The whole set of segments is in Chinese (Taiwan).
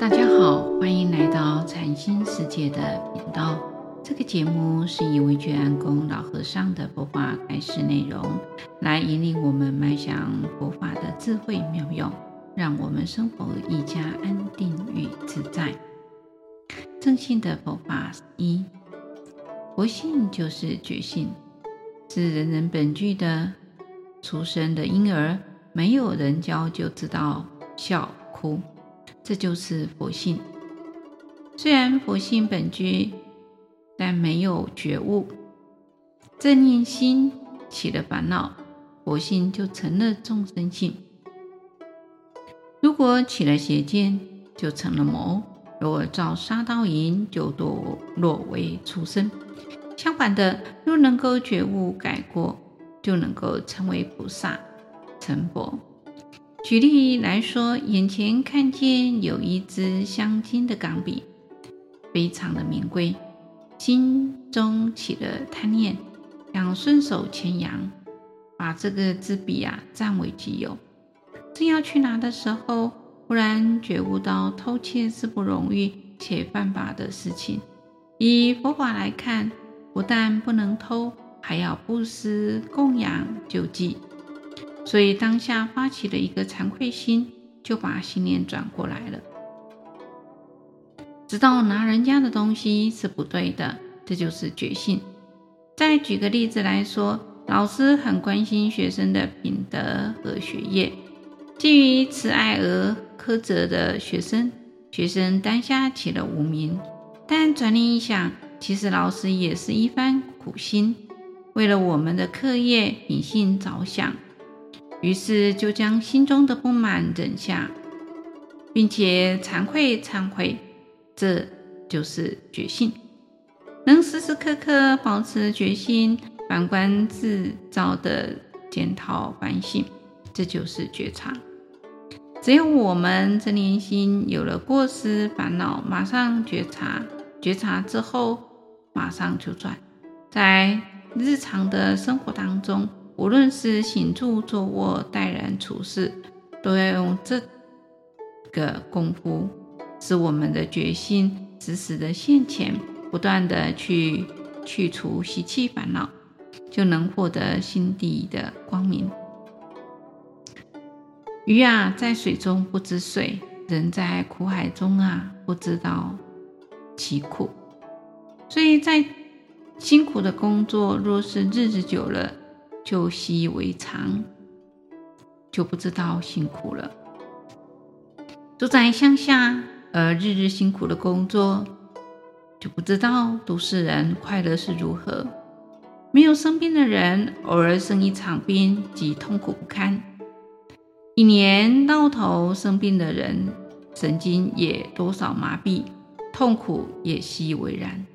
大家好，歡迎來到禪心世界的頻道。這個節目是一位覺安公老和尚的佛法開示內容，來引領我們邁向佛法的智慧妙用，讓我們生活更加安定與自在。正信的佛法十一，一、佛性就是覺性，是人人本具的。初生的嬰兒，沒有人教就知道笑、哭。這就是佛性，雖然佛性本具，但沒有覺悟。正念心起了煩惱，佛性就成了眾生性；如果起了邪見，就成了魔；如果造殺盜淫，就墮落為畜生。相反的，若能夠覺悟改過，就能夠成為菩薩，成佛。舉例來說，眼前看見有一支鑲金的鋼筆，非常的名貴，心中起了貪念，想順手牽羊，把這個支筆啊占為己有。正要去拿的時候，忽然覺悟到偷竊是不榮譽且犯法的事情。以佛法來看，不但不能偷，還要布施、供養、救濟。所以當下發起了一個慚愧心，就把心念轉過來了。知道拿人家的東西是不對的，這就是覺性。再舉個例子來說，老師很關心學生的品德和學業，基於慈愛而呵責的學生，學生當下起了無明。但轉念一想，其實老師也是一番苦心，為了我們的課業品性着想。於是就將心中的不滿忍下，並且慚愧慚愧，這就是覺性。能時時刻刻保持覺性，返照自心的檢討反省，這就是覺察。只要我們這念心有了過失煩惱，馬上覺察，覺察之後馬上就轉，在日常的生活當中。無論是行住坐臥、待人處事，都要用這個功夫，使我們的覺性時時的現前，不斷的去去除習氣煩惱，就能獲得心地的光明。魚啊，在水中不知水；人在苦海中啊，不知道其苦。所以再辛苦的工作，若是日子久了，就習以為常，就不知道辛苦了。住在鄉下而日日辛苦的工作，就不知道都市人快樂是如何。沒有生病的人，偶爾生一場病即痛苦不堪。一年到頭生病的人，神經也多少麻痹，痛苦也習以為然。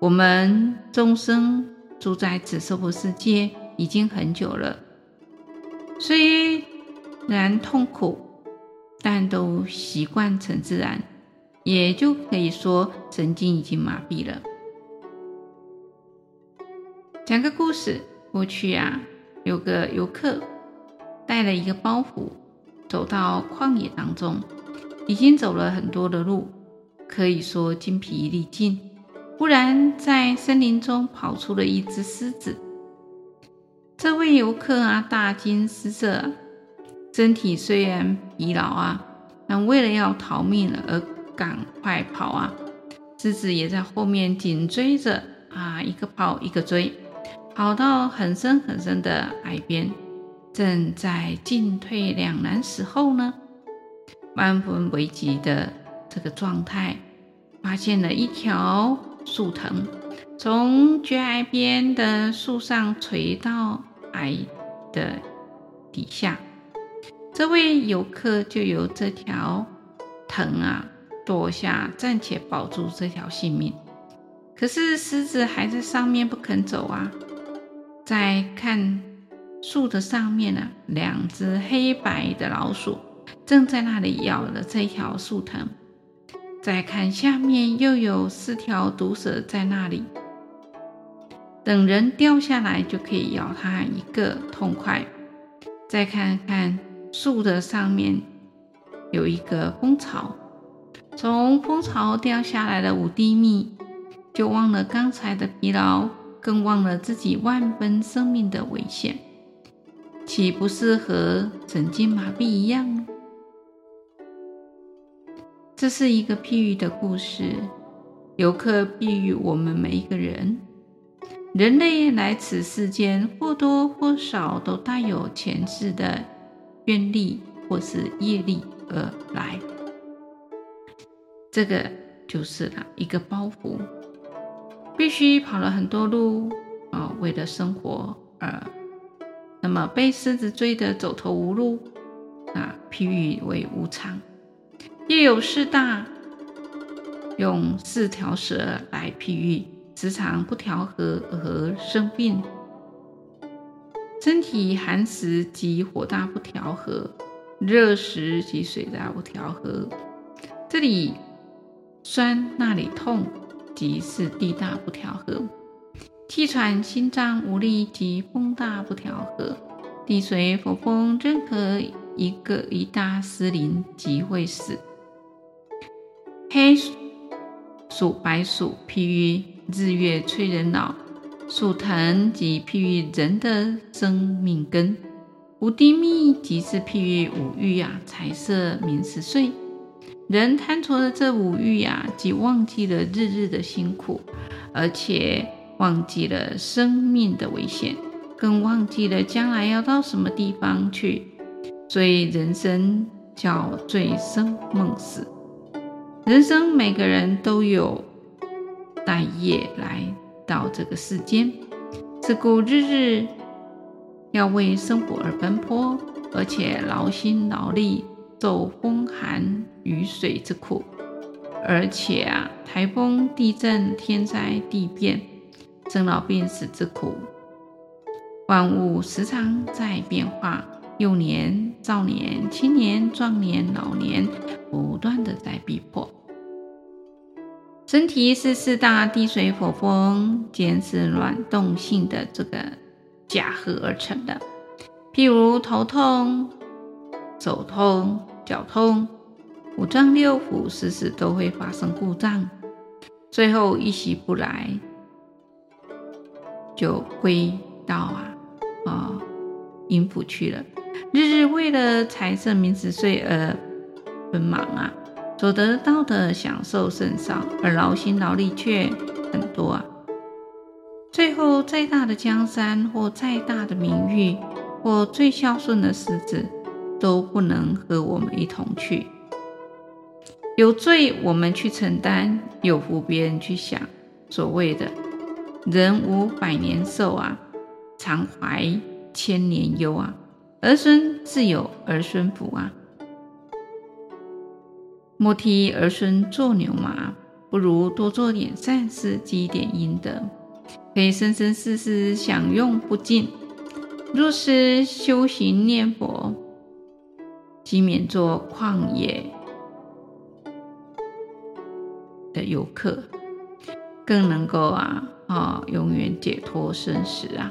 我們眾生，住在此娑婆世界已經很久了，雖然痛苦，但都習慣成自然，也就可以說神經已經麻痹了。講個故事，過去啊，有個遊客帶了一個包袱，走到曠野當中，已經走了很多的路，可以說筋疲力盡。忽然，在森林中跑出了一隻獅子。這位遊客啊，大驚失色，身體雖然疲勞啊，但為了要逃命了而趕快跑啊。獅子也在後面緊追着啊，一個跑一個追，跑到很深很深的海邊，正在進退兩難時候呢，萬分危急的這個狀態，發現了一條。樹藤從絕崖邊的樹上垂到崖的底下，這位遊客就由這條藤啊墮下，暫且保住這條性命。可是獅子還在上面不肯走啊！再看樹的上面呢、啊，兩隻黑白的老鼠正在那裡咬着這條樹藤再看下面，又有四條毒蛇在那裡，等人掉下來就可以咬他一個痛快。再看看樹的上面有一個蜂巢，從蜂巢掉下來的五滴蜜，就忘了剛才的疲勞，更忘了自己萬分生命的危險，豈不是和神經麻痹一樣嗎？這是一個譬喻的故事，遊客譬喻我們每一個人。人類來此世間或多或少都帶有前世的願力或是業力而來，這個就是一個包袱，必須跑了很多路啊，為了生活而，那麼被獅子追得走投無路啊，譬喻為無常。又有四大，用四條蛇來譬喻，時常不調和而生病。身體寒時即火大不調和，熱時即水大不調和，這裡酸那裡痛，即是地大不調和。氣喘心臟無力即風大不調和，地水火風任何一個一大失靈，即會死。黑鼠、白鼠，譬喻日月催人老；樹籐即譬喻人的生命根。五滴蜜即是譬喻五欲啊，財色名食睡。人貪圖了這五欲啊，即忘記了日日的辛苦，而且忘記了生命的危險，更忘記了將來要到什麼地方去。所以人生叫醉生夢死。人生每個人都有帶業來到這個世間，是故日日要為生活而奔波，而且勞心勞力，受風寒雨水之苦，而且啊，颱風、地震、天災地變、生老病死之苦，萬物時常在變化，幼年、少年、青年、壯年、老年，不斷的在逼迫。身體是四大地水火風堅濕暖動性的這個假合而成的，譬如頭痛、手痛、腳痛，五臟六腑時時都會發生故障，最後一息不來，就歸到啊啊陰、哦、府去了，日日為了財色名食睡而奔忙啊。所得到的享受甚少，而勞心勞力卻很多啊！最後，再大的江山，或再大的名譽，或最孝順的子孫，都不能和我們一同去。有罪我們去承擔，有福別人去享。所謂的人無百年壽啊，常懷千年憂啊，兒孫自有兒孫福啊。莫替兒孫做牛馬，不如多做點善事，積一點陰德，可以生生世世享用不盡。若是修行念佛，即免做曠野的遊客，更能夠啊啊、哦、永遠解脫生死啊！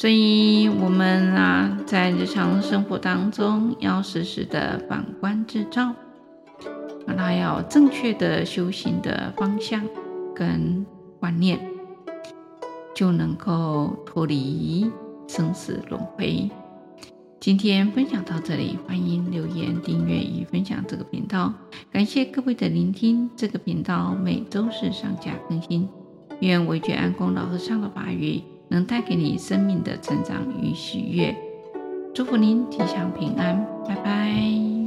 所以，我們啊，在日常生活當中要時時的反觀自照，讓他要正確的修行的方向跟觀念，就能夠脫離生死輪回。今天分享到這裡，歡迎留言、訂閱與分享這個頻道。感謝各位的聆聽，這個頻道每周四上架更新。願惟覺安公老和尚的法語。能帶給你生命的成長與喜悅，祝福您吉祥平安，拜拜。